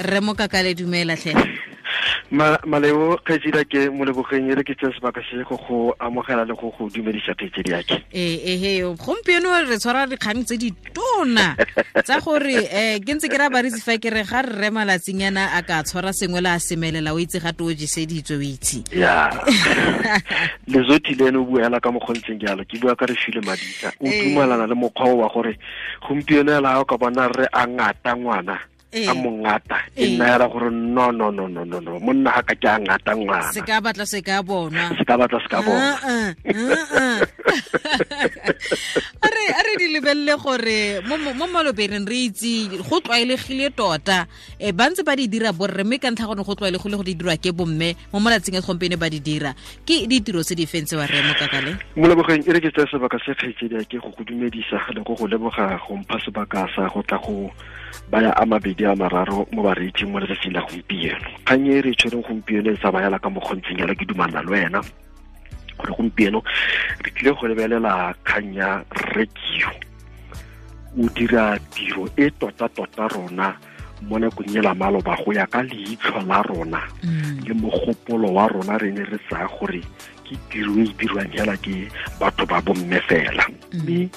re ka ka le dumela tlhe malebo kgetsida ke molebogeng e le ke tseng sebaka se go go amogela le go go dumedisa kgetsedi yake ee ehe gompieno re tshwara dikgang tse di tona tsa gore um ke ntse ke ra baretsi fa ke re ga re re yana a ka tshwara sengwe le a semelela o itse ga gate o jeseditswe o itse ya lezothi le ene o buela ka mokgontseng jalo ke bua ka re file madisa o e. dumelana le mokgwa o wa gore gompieno ela ga o ka bona rre a ngata ngwana Eh. a mo ngata e eh. nna era gore no no no no no no monna ga ka ke a ngata ngwana se ka batla se ka bonwa se ka batla ah, ah, ah, se ka bonwa a re di lebelele gore mo malobereng re itse go tlwaelegile tota um e, ba ntse ba di dira borre mme ka ntlha gore go tlwaelegile go di dirwa ke bomme mo molatsing e gompieno ba di dira ke ditiro tse di fentse wa remo kakale molebogeng e re ke tsaya sebaka se kgaitsedia ke go godumedisa le go go leboga go mpha sebaka sa go tla go baya a mabedi a mararo mo bareetsing mo letsatsing la gompieno kgang e re tshwereng gompieno e yala ka mokgontsing yala ke dumana le wena gore gompieno re tlile go lebelela kgang ya radio o dira tiro e tota-tota rona mo nakong e la maloba go ya ka leitlho la rona mm. le mogopolo wa rona re ne re tsaya gore ke tiro e, e dirwang fela ke batho ba bomme fela mm. mme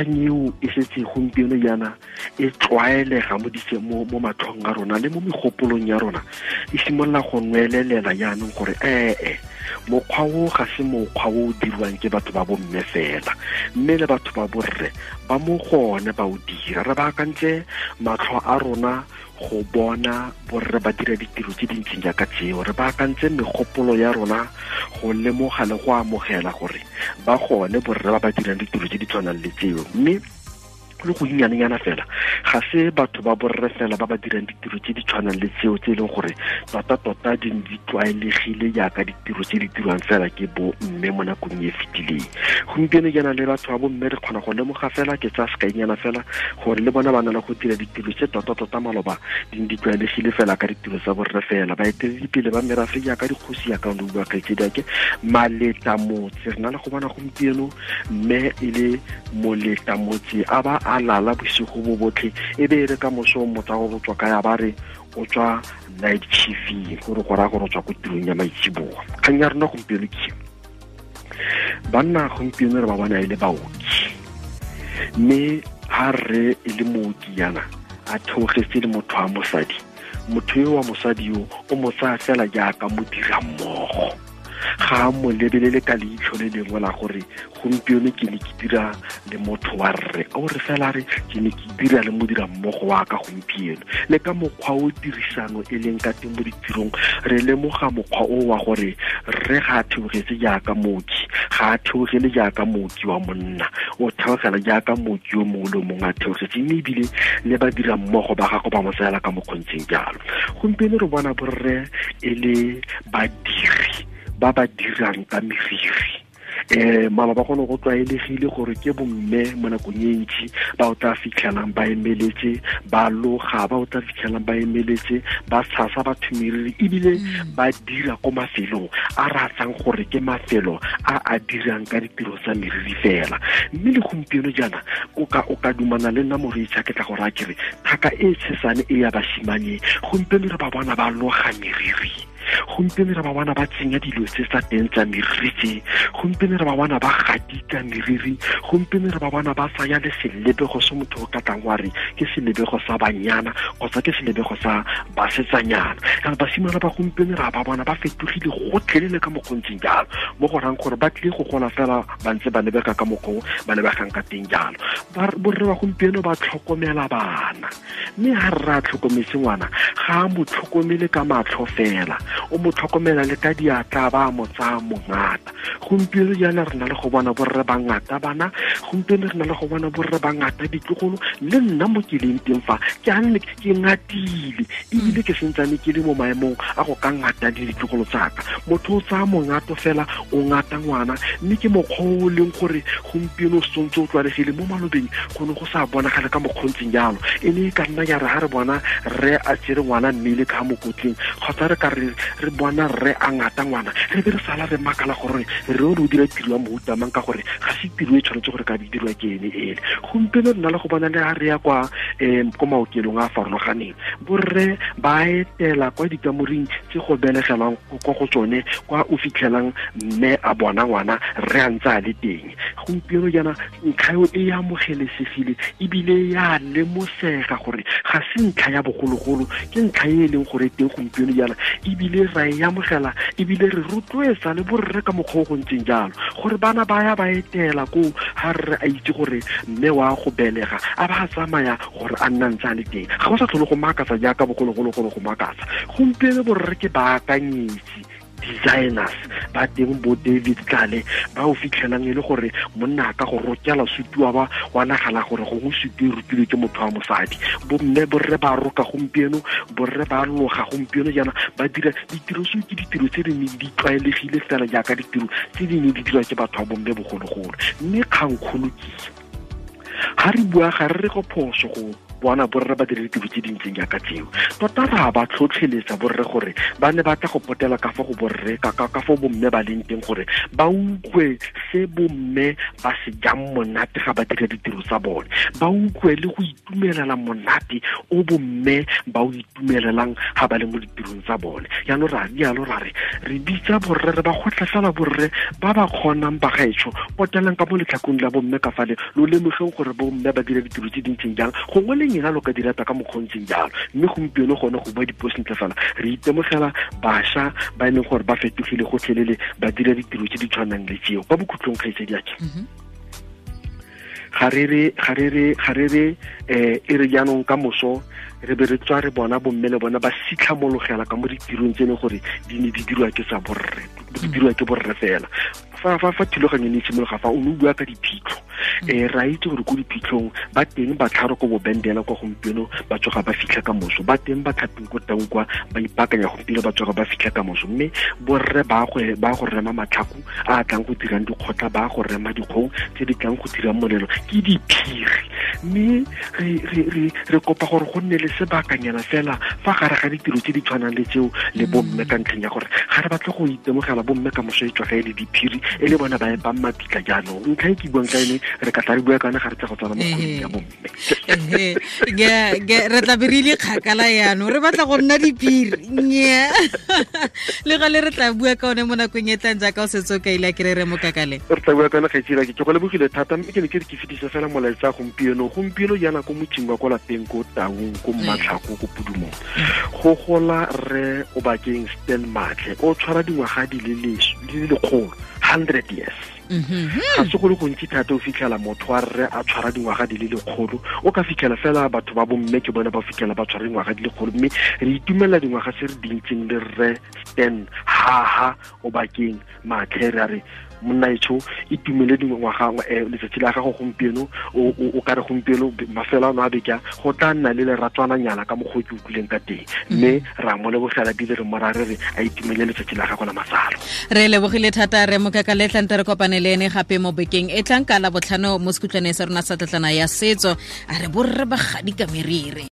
kgang eo e setse e gompieno jaana e tlwaelega mo mo matlhong a rona le mo megopolong ya rona e simolola go nwelelela jaanong gore ee mokgwa o ga se mokgwa o o dirwang ke batho ba bomme fela mme le batho ba borre ba mo gone ba o dira re baakantse matlho a rona go bona borre ba dira ditiro tse dintseng jaaka tseo re baakantse megopolo ya rona go lemoga le go amogela gore ba gone borre ba ba dirang ditiro tse di tshwanang le tseo mme le go inyanenyana fela ga se batho ba borre fela ba ba dirang ditiro tse di tshwanang le tseo tse e leng gore tota-tota di di tlwaelegile jaaka ditiro tse di dirwang fela ke bo mme mo nakong e, e fetileng gompieno jaana le batho ba bo mme re kgona go lemoga fela ke tsa sekainyana fela gore le bona ba na le go dira ditiro tse tota-tota maloba di di tlwaelegile fela ka ditiro tsa borre fela baeteledipele ba merafe jaaka dikgosi yaaka le buakaitsediake maletla motse re na le go bona gompieno mme e le moletamotse motse a ba a lala bosigo bo botlhe e be e re ka moso motsa go botswa ka ya ba re o tswa night chief gore go raya gore o tswa ko tirong ya maitseboa kgang ya rona gompieno ke banna gompieno re ba bona e le baoki mme ha re e le mooki yana a theogetse le motho wa mosadi motho yo wa mosadi yo o mo fela jaaka modira mmogo ga mo lebelele ka leitlho le lengwe la gore gompieno ke ne ke dira le motho wa rre o re fela re ke ne ke dira le modira mmogo wa ka gompieno le ka mokgwa o tirisano e leng ka teng mo ditirong re lemoga mokgwa o wa gore rre ga a theogetse jaaka mooki ga a theogele jaaka mooki wa monna o theogela jaaka mooki yo mongwe le mongwe a theogetse mme ebile le badira mmogo ba gago ba mo tsayela ka mokgontseng jalo gompieno re bona borre e le badiri ba ba dirang ka meriri um mama ba kgone go tlwaelegile gore ke bomme mo nakong e ntsi ba o tla fitlhelang ba emeletse ba loga ba o tla fitlhelang ba emeletse ba tshasa batho meriri ebile mm. ba dira ko mafelong a ratsang gore ke mafelo a a dirang ka ditiro tsa meriri fela mme le gompieno jaana o ka dumana le nna moreitšha ke tla gore a kere thaka e tshesane e ya basimanyeng gompieno re ba bona ba loga meriri gompieno re ba bona ba tsenya dilo tse tsa teng tsa meriri tse gompieno re ba bona ba gadika meriri gompieno re ba bona ba saya le selebego se motho o katlang wa re ke selebego sa banyana kgotsa ke selebego sa basetsanyana kana basimana ba gompieno re ba bona ba fetogile gotlhelele ka mokgontseng jalo mo gorang gore ba tlile go gola fela ba ntse ba lebega ka mokgwa ba lebegang ka teng jalo borre ba gompieno ba tlhokomela bana mme ga rra a tlhokometse ngwana ga a mo tlhokomele ka matlho fela o mo tlhokomela le ka diatla ba mo tsaya mongata gompieno jaana re na le go bona borre bangata bana gompieno re na le go bona borre bangata ditlogolo le nna mo keleng teng fa ke anne ke ngatile ebile ke sentsane ke le mo maemong a go ka ngata le ditlogolo tsaka motho o tsaya mongato fela o ngata ngwana mme ke mokgwa o leng gore gompieno o sontse o tlwalegile mo malobeng gone go sa bonagale ka mokgontseng jalo e ne e ka nna ya re ga re bona re a tsere ngwana mmele ka mokotleng kgotsa re ka re re bona rre a ngata ngwana re be re sala re makala gore re o le o dira tiro ya moutamang ka gore ga se tiro e tshwanetse gore ka be e dirwa ke ene ele gompieno re na le go bona le a re ya kwa um ko maokelong a a farologaneng borre ba etela kwa dikamoring tse go belegelwang kwa go tsone kwa o fitlhelang mme a bona ngwana re a ntse a le teng gompieno jaana ntlha e amogelesegile ebile a lemosega gore ga se ntlha ya bogologolo ke ntlha e e leng gore teng gompieno jaana ebile ebile ra e amogela ebile re rotloetsa le borre ka mokgwa o go ntseng jalo gore bana ba ya ba etela koo ga rre a itse gore mme wa go belega a ba tsamaya gore a nna ntse a le teng ga o sa tlhole go makatsa jaaka bogologologolo go makatsa gompieno borre ke baakanyetsi designers ba teng bo david tlale ba o fitlhelang e le gore monna ka go rokela sutiwa ba wa nagala gore gongwe sutu e rutilwe ke motho wa mosadi bomme borre ba roka gompieno borre ba loga gompieno jaana ba dira ditiro seo ke ditiro tse di neng di tlwaelegile fela jaaka ditiro tse di neng di dirwa ke batho ba bomme bogologolo mme kgangkgolo ke ga re bua ga re re go phoso go bona borre ba dire ditiro tse dintseng jaaka tseo tota ra ba tlhotlheletsa borre gore ba ne ba tla go potela ka fa go borre ka fo bomme ba leng teng gore ba ukwe se bomme ba se jang monate ga ba dira ditiro tsa bone ba ukwe le go itumelela monate o bomme ba o itumelelang ga ba le mo ditirong tsa bone jaanong ra dialo ra re re bitsa borre re ba gotlha borre ba ba kgonang bagaetsho potelang ka mo letlhakong la bomme ka fale lo lemogeng gore bomme ba dira ditiro tse dintseng jang gongwe le lenyalo e ka di rata ka mokgontseng jalo mme gompieno gone go bua dipuo fela re itemogela bašwa ba e leng gore ba fetogile gotlhelele ba dira ditiro tse di tshwanang le tseo kwa bokhutlong kgaitsedi e ake mhm. ga re re ga eh, e re jaanong ka moso re be re tswa re bona bomme le bona ba sitlhamologela ka mo ditirong tse e gore di ne di dirwa ke tsa borre di dirwa ke borre fela fa fa fa thulaganyo e ne e simologa fa o ne o bua ka diphitlho e ra itse gore ko diphitlhong ba teng ba tlharo ko bobendela kwa gompieno ba tsoga ba fitlha ka moso ba teng ba tlhapeng ko tang kwa ba ipakanya gompieno ba tsoga ba fitlha ka moso mme borre ba go rema matlhako a a tlang go dirang dikgotla ba go rema dikgong tse di tlang go dirang molelo ke diphiri mme re kopa gore go nne le sebakanyana fela fa gare ga ditiro tse di tshwanang le tseo le bomme ka ntlheng ya gore ga re batle go itemogela bomme ka moso e ga e le diphiri e le bona ba e, ba mapitla jaanong ntlha e ke buang ka ene re ka tla re bua ka yone ga re tsa go tsana mo ya bomme re tla be re ile kgakala yaanong re batla go nna diphiri nye le ga le re tla bua ka one mo nakong e tlang jaaka o setse o kaile a kere re mo kakaleng re tla bua ka one ga e ke ke go lebogile thata mme ke ne ke re ke fetisa fela molaetsa gompieno gompieno jaana ko motsing wa kwa lapeng ko taung ko mmatlhako mm. ko podumong go gola re o bakeng stan matle o tshwara dingwaga di le lekgolo hundred years mm-hmm. ga se go le gontsi thata o fitlhela motho wa rre a tshwara dingwaga di le lekgolo o ka fitlhela fela batho ba bomme ke bone ba fitlhela ba tshwara dingwaga di lekgolo mme re itumelela dingwaga se re dintseng le rre stan haha o bakeng matlhe re a re etsho e tumele dingwaga eh, letsatsi la gago gompieno o ka re gompieno mafelo ano a beka go tla nna le nyala ka mokgwa ke utlwileng ka teng mm. mme ra mo lebogela bile re mora re re a itumele letsatsi la gago la matsalo re lebogile thata re mokaka le tlante re kopane le ene gape mo bekeng e tlang ka la botlhano mo sekutlwane sa rona sa tlatlana ya setso a re borre bagadi ka meriri